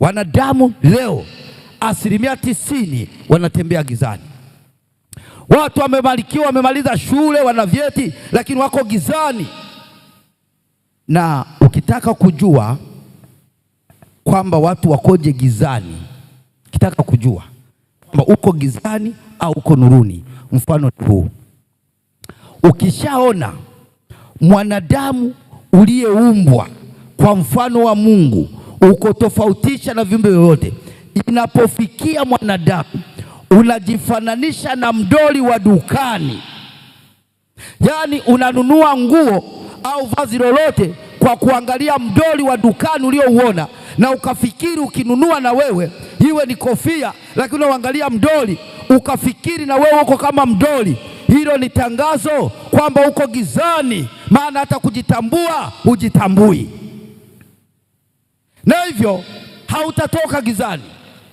Wanadamu leo asilimia tisini wanatembea gizani. Watu wamebarikiwa, wamemaliza shule, wana vyeti, lakini wako gizani. Na ukitaka kujua kwamba watu wakoje gizani, ukitaka kujua kwamba uko gizani au uko nuruni, mfano ni huu. Ukishaona mwanadamu uliyeumbwa kwa mfano wa Mungu ukotofautisha na viumbe vyovyote. Inapofikia mwanadamu unajifananisha na mdoli wa dukani, yaani unanunua nguo au vazi lolote kwa kuangalia mdoli wa dukani uliouona na ukafikiri ukinunua na wewe iwe ni kofia, lakini unaangalia mdoli ukafikiri na wewe uko kama mdoli. Hilo ni tangazo kwamba uko gizani, maana hata kujitambua hujitambui na hivyo hautatoka gizani.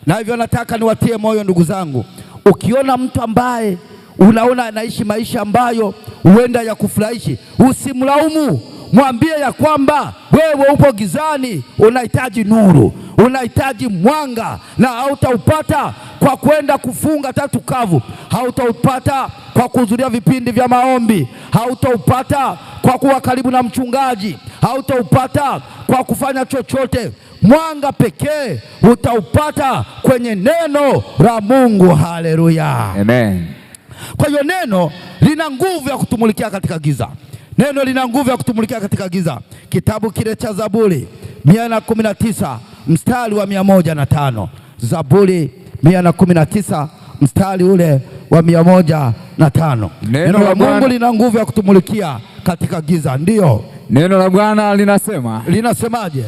Na hivyo nataka niwatie moyo ndugu zangu, ukiona mtu ambaye unaona anaishi maisha ambayo huenda ya kufurahishi, usimlaumu, mwambie ya kwamba wewe upo gizani, unahitaji nuru, unahitaji mwanga, na hautaupata kwa kwenda kufunga tatu kavu, hautaupata kwa kuhudhuria vipindi vya maombi, hautaupata kwa kuwa karibu na mchungaji, hautaupata kwa kufanya chochote Mwanga pekee utaupata kwenye neno la Mungu. Haleluya, amen. Kwa hiyo neno lina nguvu ya kutumulikia katika giza. Neno lina nguvu ya kutumulikia katika giza. Kitabu kile cha Zaburi mia na kumi na tisa mstari wa mia na tano Zaburi mia na kumi na tisa mstari ule wa mia moja na tano Neno la Mungu lina nguvu ya kutumulikia katika giza. Ndiyo, neno la Bwana linasema linasemaje?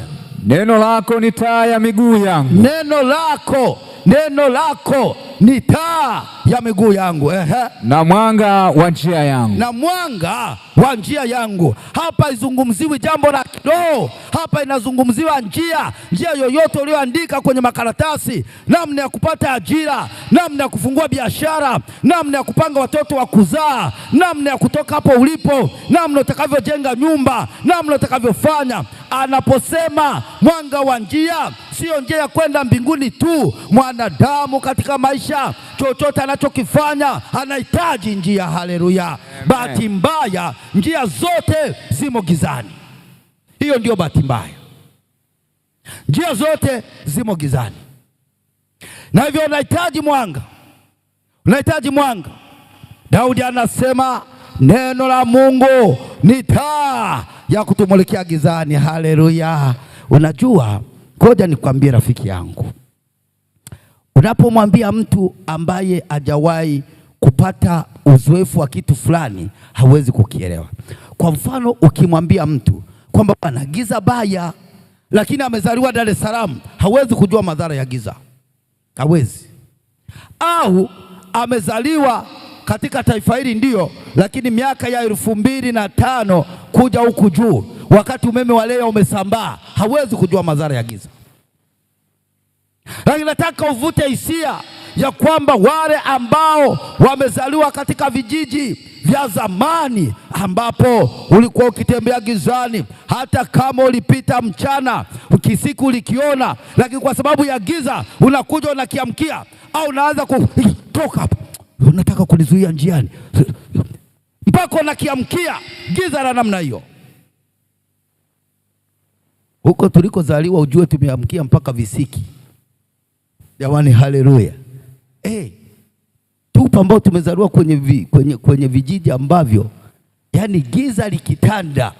Neno lako ni taa ya miguu yangu. Neno lako, neno lako ni taa ya miguu yangu. Ehe. Na mwanga wa njia yangu, na mwanga wa njia yangu. Hapa izungumziwi jambo la kiroho, hapa inazungumziwa njia, njia yoyote uliyoandika kwenye makaratasi, namna ya kupata ajira, namna ya kufungua biashara, namna ya kupanga watoto wa kuzaa, namna ya kutoka hapo ulipo, namna utakavyojenga nyumba, namna utakavyofanya anaposema mwanga wa njia, siyo njia ya kwenda mbinguni tu. Mwanadamu katika maisha, chochote anachokifanya anahitaji njia. Haleluya! Bahati mbaya, njia zote zimo gizani. Hiyo ndio bahati mbaya, njia zote zimo gizani, na hivyo unahitaji mwanga, unahitaji mwanga. Daudi anasema neno la Mungu ni taa ya kutumulikia gizani. Haleluya! Unajua, ngoja nikwambie rafiki yangu, unapomwambia mtu ambaye hajawahi kupata uzoefu wa kitu fulani, hawezi kukielewa. Kwa mfano, ukimwambia mtu kwamba bwana, giza baya, lakini amezaliwa Dar es Salaam, hawezi kujua madhara ya giza, hawezi. Au amezaliwa katika taifa hili ndiyo, lakini miaka ya elfu mbili na tano kuja huku juu, wakati umeme wa leo umesambaa, hawezi kujua madhara ya giza. Lakini nataka uvute hisia ya kwamba wale ambao wamezaliwa katika vijiji vya zamani ambapo ulikuwa ukitembea gizani, hata kama ulipita mchana ukisiku ulikiona, lakini kwa sababu ya giza unakuja unakiamkia, au unaanza kutoka hapo, unataka kunizuia njiani mpaka unakiamkia giza la namna hiyo. Huko tulikozaliwa ujue tumeamkia mpaka visiki. Jamani, haleluya! Hey, eh, tupo ambao tumezaliwa kwenye, vi, kwenye, kwenye vijiji ambavyo yani giza likitanda,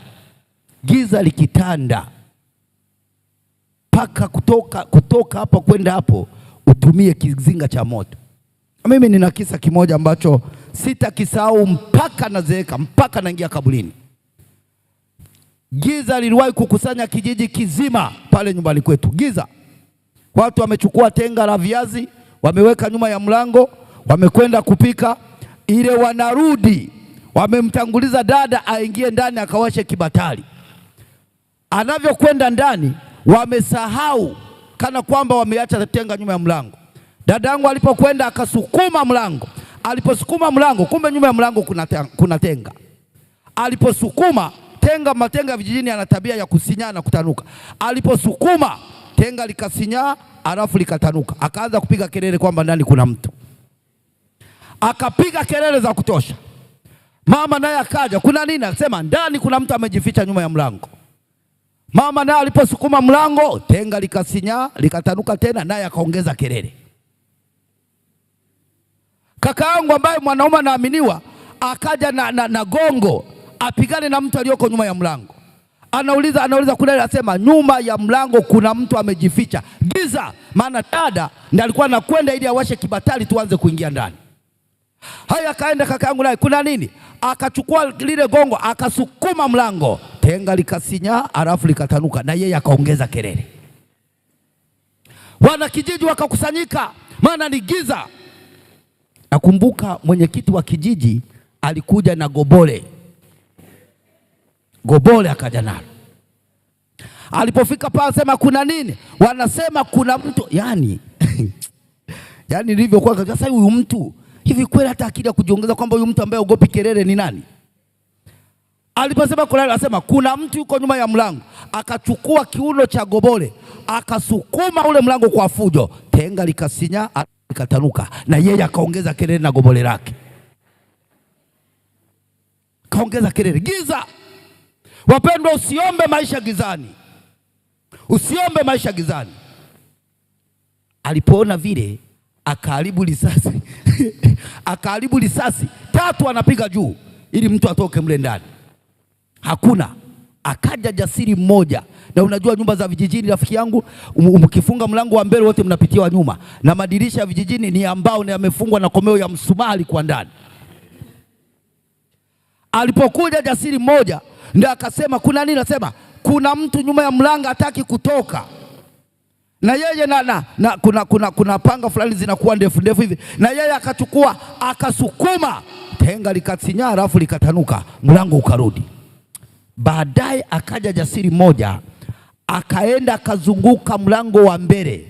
giza likitanda mpaka kutoka, kutoka hapa kwenda hapo utumie kizinga cha moto. Mimi nina kisa kimoja ambacho sitakisahau mpaka nazeeka, mpaka naingia kaburini. Giza liliwahi kukusanya kijiji kizima pale nyumbani kwetu. Giza, watu wamechukua tenga la viazi, wameweka nyuma ya mlango, wamekwenda kupika ile, wanarudi wamemtanguliza dada aingie ndani akawashe kibatari. Anavyokwenda ndani, wamesahau kana kwamba wameacha tenga nyuma ya mlango. Dada yangu alipokwenda akasukuma mlango, aliposukuma mlango, kumbe nyuma ya mlango kuna, kuna tenga. Aliposukuma tenga, matenga vijijini yana tabia ya kusinyaa na kutanuka. Aliposukuma tenga likasinyaa, alafu likatanuka, akaanza kupiga kelele kwamba ndani kuna mtu. Akapiga kelele za kutosha. Mama naye akaja, kuna nini? Akasema ndani kuna mtu amejificha nyuma ya mlango. Mama naye aliposukuma mlango, tenga likasinyaa, likatanuka tena, naye akaongeza kelele kakaangu ambaye mwanaume anaaminiwa akaja na, na, na gongo apigane na mtu aliyoko nyuma ya mlango. Anauliza, anauliza kule, anasema nyuma ya mlango kuna mtu amejificha giza, maana dada ndiye alikuwa anakwenda ili awashe kibatari tuanze kuingia ndani. Haya, akaenda kakaangu naye, kuna nini? Akachukua lile gongo akasukuma mlango, tenga likasinya alafu likatanuka, na yeye akaongeza kelele. Wanakijiji wakakusanyika, maana ni giza. Nakumbuka mwenyekiti wa kijiji alikuja na gobole, gobole akaja nalo. Alipofika pale sema kuna nini, wanasema kuna mtu yani yani nilivyokuwa sasa, huyu mtu hivi kweli hata akija kujiongeza kwamba huyu mtu ambaye ogopi kelele ni nani? Aliposema kuna anasema kuna mtu yuko nyuma ya mlango, akachukua kiuno cha gobole akasukuma ule mlango kwa fujo, tenga likasinya ikatanuka, na yeye akaongeza kelele na gobole lake, kaongeza kelele. Giza, wapendwa, usiombe maisha gizani, usiombe maisha gizani. Alipoona vile akaharibu risasi akaharibu risasi tatu anapiga juu ili mtu atoke mle ndani, hakuna akaja jasiri mmoja. Na unajua nyumba za vijijini rafiki yangu, um, mlango wa mbele wote mnapitia wa nyuma, na madirisha ya vijijini ni ambao ni yamefungwa na komeo ya msumari kwa ndani. Alipokuja jasiri mmoja, ndio akasema kuna nini? Nasema kuna mtu nyuma ya mlango hataki kutoka na yeye na, na, na, kuna, kuna, kuna panga fulani zinakuwa ndefu ndefu hivi, na yeye akachukua akasukuma, tenga likasinyaa, alafu likatanuka, mlango ukarudi. Baadaye akaja jasiri moja, akaenda akazunguka mlango wa mbele,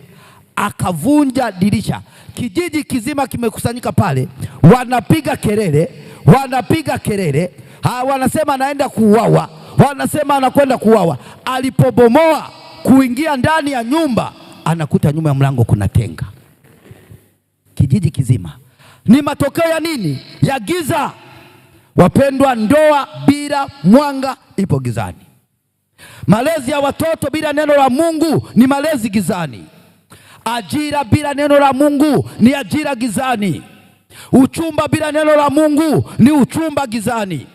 akavunja dirisha. Kijiji kizima kimekusanyika pale, wanapiga kelele, wanapiga kelele, wanasema anaenda kuuawa, wanasema anakwenda kuuawa. Alipobomoa kuingia ndani ya nyumba, anakuta nyuma ya mlango kuna tenga. Kijiji kizima ni matokeo ya nini? Ya giza. Wapendwa, ndoa bila mwanga ipo gizani. Malezi ya watoto bila neno la Mungu ni malezi gizani. Ajira bila neno la Mungu ni ajira gizani. Uchumba bila neno la Mungu ni uchumba gizani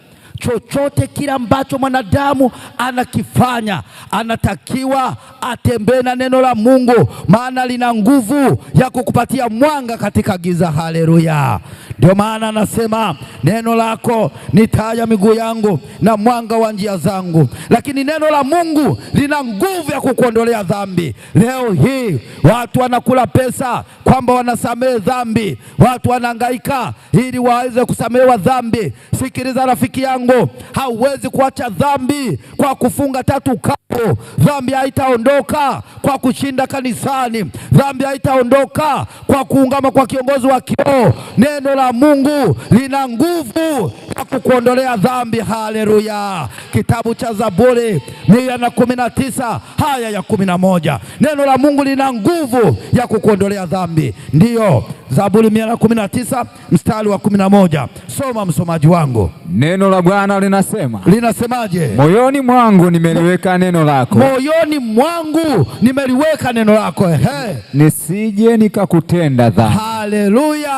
chochote kile ambacho mwanadamu anakifanya anatakiwa atembee na neno la Mungu, maana lina nguvu ya kukupatia mwanga katika giza. Haleluya! Ndio maana anasema neno lako ni taa ya miguu yangu na mwanga wa njia zangu. Lakini neno la Mungu lina nguvu ya kukuondolea dhambi. Leo hii watu wanakula pesa kwamba wanasamehe dhambi, watu wanahangaika ili waweze kusamehewa dhambi. Sikiliza rafiki yangu hivyo hauwezi kuacha dhambi kwa kufunga tatu kapo. Dhambi haitaondoka kwa kushinda kanisani, dhambi haitaondoka kwa kuungama kwa kiongozi wa kioo. Neno la Mungu lina nguvu kukuondolea dhambi. Haleluya! Kitabu cha Zaburi mia na kumi na tisa haya ya kumi na moja. Neno la Mungu lina nguvu ya kukuondolea dhambi, ndiyo Zaburi mia na kumi na tisa mstari wa kumi na moja. Soma msomaji wangu. Neno la Bwana linasema, linasemaje? Moyoni mwangu nimeliweka neno lako, moyoni mwangu nimeliweka neno lako, ehe, nisije nikakutenda dhambi. Haleluya,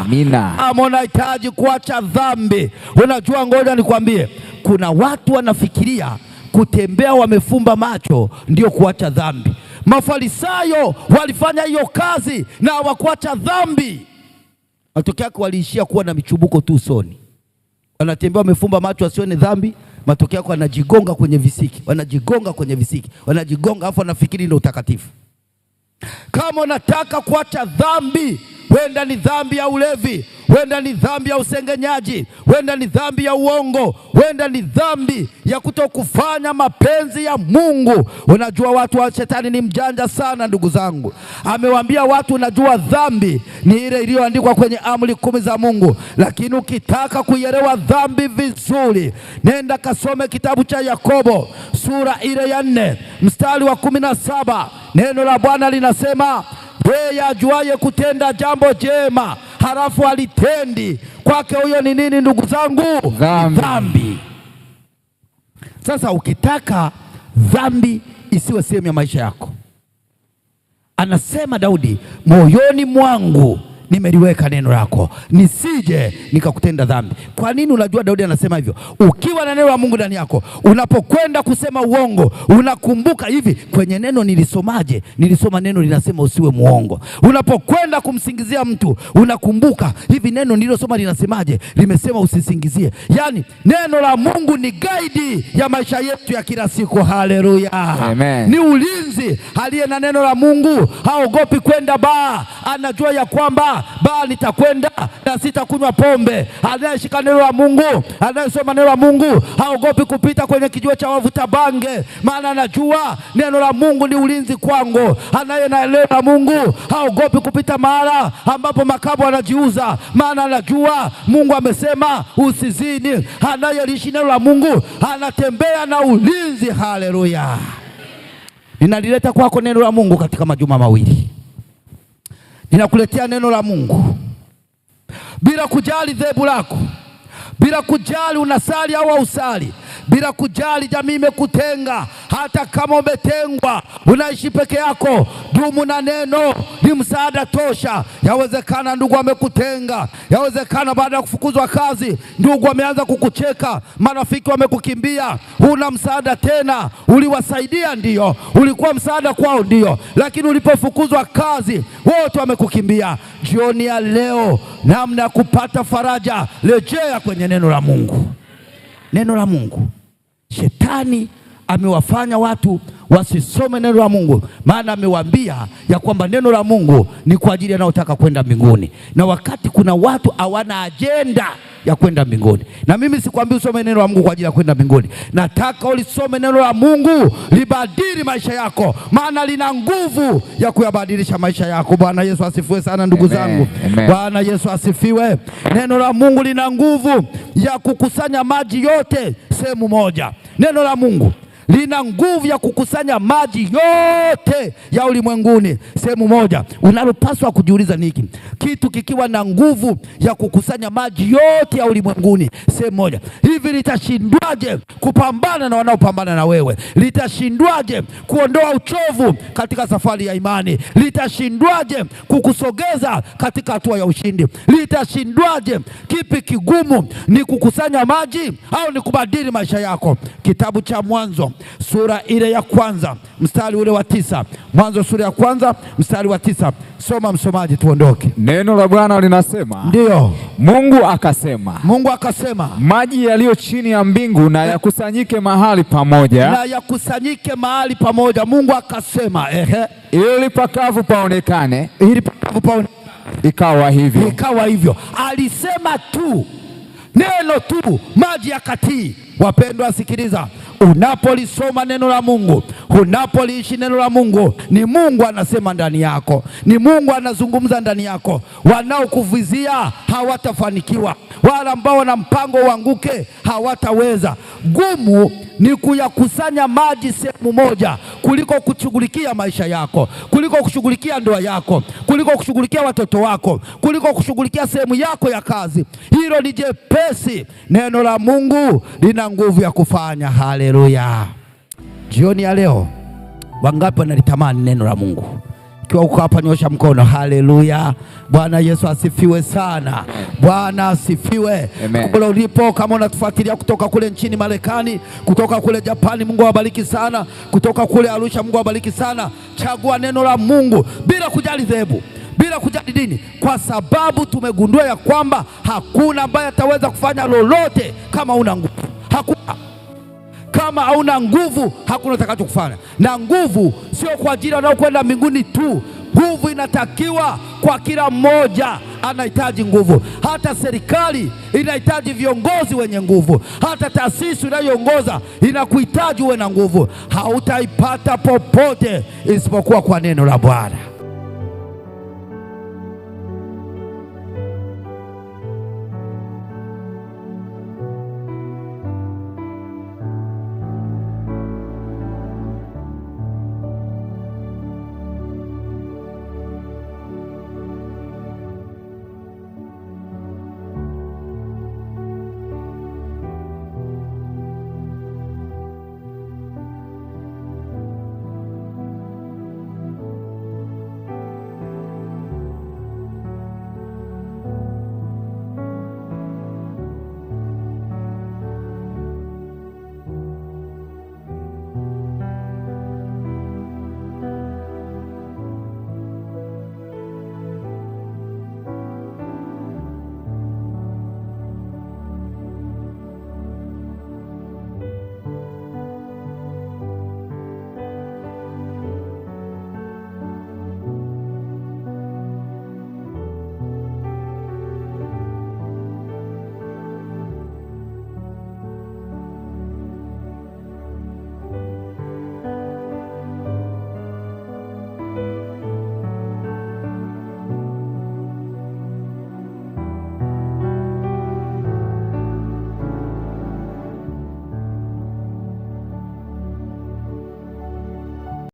amina. Ama unahitaji kuacha dhambi Unajua, ngoja nikwambie, kuna watu wanafikiria kutembea wamefumba macho ndio kuacha dhambi. Mafarisayo walifanya hiyo kazi na hawakuacha dhambi, matokeo yake waliishia kuwa na michubuko tu usoni. Wanatembea wamefumba macho wasione dhambi, matokeo yake wanajigonga kwenye visiki, wanajigonga kwenye visiki, wanajigonga afu wanafikiri ndio utakatifu. Kama unataka kuacha dhambi, wenda ni dhambi ya ulevi huenda ni dhambi ya usengenyaji, huenda ni dhambi ya uongo, huenda ni dhambi ya kutokufanya mapenzi ya Mungu. Unajua watu wa shetani ni mjanja sana, ndugu zangu. Amewaambia watu, unajua dhambi ni ile iliyoandikwa kwenye amri kumi za Mungu, lakini ukitaka kuielewa dhambi vizuri, nenda kasome kitabu cha Yakobo sura ile ya nne mstari wa kumi na saba. Neno la Bwana linasema yeye ajuaye kutenda jambo jema halafu alitendi kwake huyo ni nini, ndugu zangu? Dhambi, dhambi. Sasa ukitaka dhambi isiwe sehemu ya maisha yako, anasema Daudi, moyoni mwangu nimeliweka neno lako nisije nikakutenda dhambi. Kwa nini? Unajua Daudi anasema hivyo, ukiwa na neno la Mungu ndani yako, unapokwenda kusema uongo unakumbuka hivi, kwenye neno nilisomaje? Nilisoma neno linasema usiwe muongo. Unapokwenda kumsingizia mtu unakumbuka hivi, neno nililosoma linasemaje? Limesema usisingizie. yani neno la Mungu ni guide ya maisha yetu ya kila siku. Haleluya, amen. Ni ulinzi. Aliye na neno la Mungu haogopi kwenda baa, anajua ya kwamba bali nitakwenda na sitakunywa pombe. Anayeshika neno la Mungu, anayesoma neno la Mungu haogopi kupita kwenye kijiwe cha wavuta bange, maana anajua neno la Mungu ni ulinzi kwangu. Anaye na neno la Mungu haogopi kupita mahala ambapo makabo anajiuza, maana anajua Mungu amesema usizini. Anayeliishi neno la Mungu anatembea na ulinzi. Haleluya! Ninalileta kwako neno la Mungu katika majuma mawili ninakuletea neno la Mungu bila kujali dhehebu lako, bila kujali unasali au hausali, bila kujali jamii imekutenga hata kama umetengwa, unaishi peke yako, dumu na neno, ni msaada tosha. Yawezekana ndugu amekutenga, yawezekana baada ya kufukuzwa kazi, ndugu ameanza kukucheka, marafiki wamekukimbia, huna msaada tena. Uliwasaidia ndiyo, ulikuwa msaada kwao ndiyo, lakini ulipofukuzwa kazi, wote wamekukimbia. Jioni ya leo, namna ya kupata faraja, rejea kwenye neno la Mungu. Neno la Mungu, shetani amewafanya watu wasisome neno la Mungu, maana amewaambia ya kwamba neno la Mungu ni kwa ajili yanayotaka kwenda mbinguni, na wakati kuna watu hawana ajenda ya kwenda mbinguni. Na mimi sikwambii usome neno la Mungu kwa ajili ya kwenda mbinguni, nataka ulisome neno la Mungu libadili maisha yako, maana lina nguvu ya kuyabadilisha maisha yako. Bwana Yesu asifiwe sana ndugu zangu Bwana Yesu asifiwe. Neno la Mungu lina nguvu ya kukusanya maji yote sehemu moja. Neno la Mungu lina nguvu ya kukusanya maji yote ya ulimwenguni sehemu moja. Unalopaswa kujiuliza niki, kitu kikiwa na nguvu ya kukusanya maji yote ya ulimwenguni sehemu moja, hivi litashindwaje kupambana na wanaopambana na wewe? Litashindwaje kuondoa uchovu katika safari ya imani? Litashindwaje kukusogeza katika hatua ya ushindi? Litashindwaje? Kipi kigumu, ni kukusanya maji au ni kubadili maisha yako? Kitabu cha Mwanzo sura ile ya kwanza mstari ule wa tisa. Mwanzo sura ya kwanza mstari wa tisa. Soma msomaji, tuondoke. Neno la Bwana linasema ndio Mungu akasema, Mungu akasema, maji yaliyo chini ya mbingu na yakusanyike mahali pamoja, na yakusanyike mahali pamoja. Mungu akasema, ehe, ili pakavu paonekane, ili pakavu paonekane. Ikawa hivyo, ikawa hivyo. Alisema tu neno tu, maji yakatii. Wapendwa, sikiliza. Unapolisoma neno la Mungu, unapoliishi neno la Mungu, ni Mungu anasema ndani yako, ni Mungu anazungumza ndani yako. Wanaokuvizia hawatafanikiwa, wala ambao wana mpango uanguke hawataweza. Gumu ni kuyakusanya maji sehemu moja, kuliko kushughulikia maisha yako, kuliko kushughulikia ndoa yako, kuliko kushughulikia watoto wako, kuliko kushughulikia sehemu yako ya kazi. Hilo ni jepesi. Neno la Mungu lina nguvu ya kufanya. Haleluya! Jioni ya leo, wangapi wanalitamani neno la Mungu? Ukiwa uko hapa nyosha mkono. Haleluya, Bwana Yesu asifiwe sana. Bwana asifiwe. Kule ulipo, kama unatufuatilia kutoka kule nchini Marekani, kutoka kule Japani, Mungu awabariki sana. Kutoka kule Arusha, Mungu awabariki sana. Chagua neno la Mungu bila kujali dhehebu bila kujali dini, kwa sababu tumegundua ya kwamba hakuna ambaye ataweza kufanya lolote kama una nguvu. Kama hauna nguvu, hakuna utakachokufanya. Na nguvu sio kwa ajili wanaokwenda mbinguni tu, nguvu inatakiwa kwa kila mmoja anahitaji nguvu. Hata serikali inahitaji viongozi wenye nguvu. Hata taasisi inayoongoza inakuhitaji uwe na nguvu. Hautaipata popote isipokuwa kwa neno la Bwana.